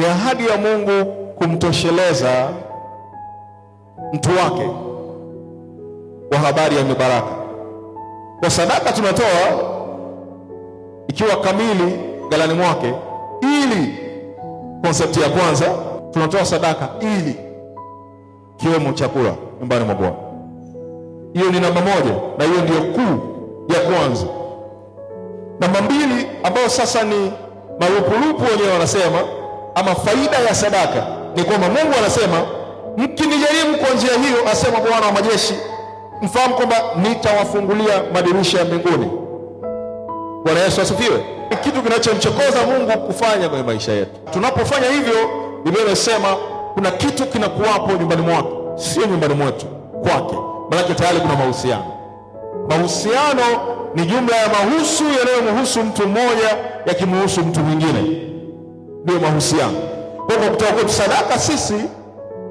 Ni ahadi ya Mungu kumtosheleza mtu wake kwa habari ya mibaraka. Kwa sadaka tunatoa ikiwa kamili galani mwake, ili konsepti ya kwanza tunatoa sadaka ili kiwemo chakula nyumbani mwa Bwana. Hiyo ni namba moja, na hiyo ndiyo kuu ya kwanza. Namba mbili, ambayo sasa ni marupurupu wenyewe wanasema ama faida ya sadaka ni kwamba Mungu anasema mkinijaribu kwa njia hiyo, asema Bwana wa majeshi, mfahamu kwamba nitawafungulia madirisha ya mbinguni. Bwana Yesu asifiwe. Kitu kinachomchokoza Mungu kufanya kwenye maisha yetu, tunapofanya hivyo, Biblia inasema kuna kitu kinakuwapo nyumbani mwako, sio nyumbani mwetu, kwake. Maanake tayari kuna mahusiano. Mahusiano ni jumla ya mahusu yanayomhusu mtu mmoja yakimhusu mtu mwingine ndio mahusiano. Kwa hivyo kutoa kwetu sadaka sisi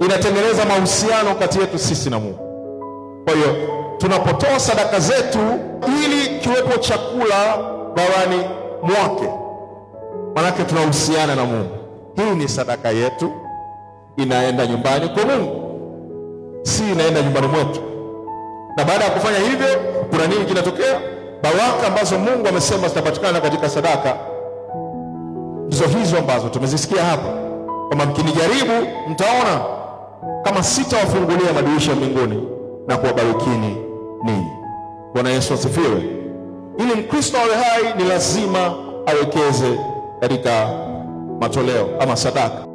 inatengeneza mahusiano kati yetu sisi na Mungu. Kwa hiyo tunapotoa sadaka zetu ili kiwepo chakula bawani mwake, manake tunahusiana na Mungu. Hii ni sadaka yetu inaenda nyumbani kwa Mungu, si inaenda nyumbani mwetu. Na baada ya kufanya hivyo, kuna nini kinatokea? Baraka ambazo Mungu amesema zitapatikana katika sadaka Zungumzo hizo ambazo tumezisikia hapa kwamba mkinijaribu mtaona kama sitawafungulia madirisha mbinguni na kuwabarikini ninyi. Bwana Yesu asifiwe. Ili Mkristo awe hai, ni lazima awekeze katika matoleo ama sadaka.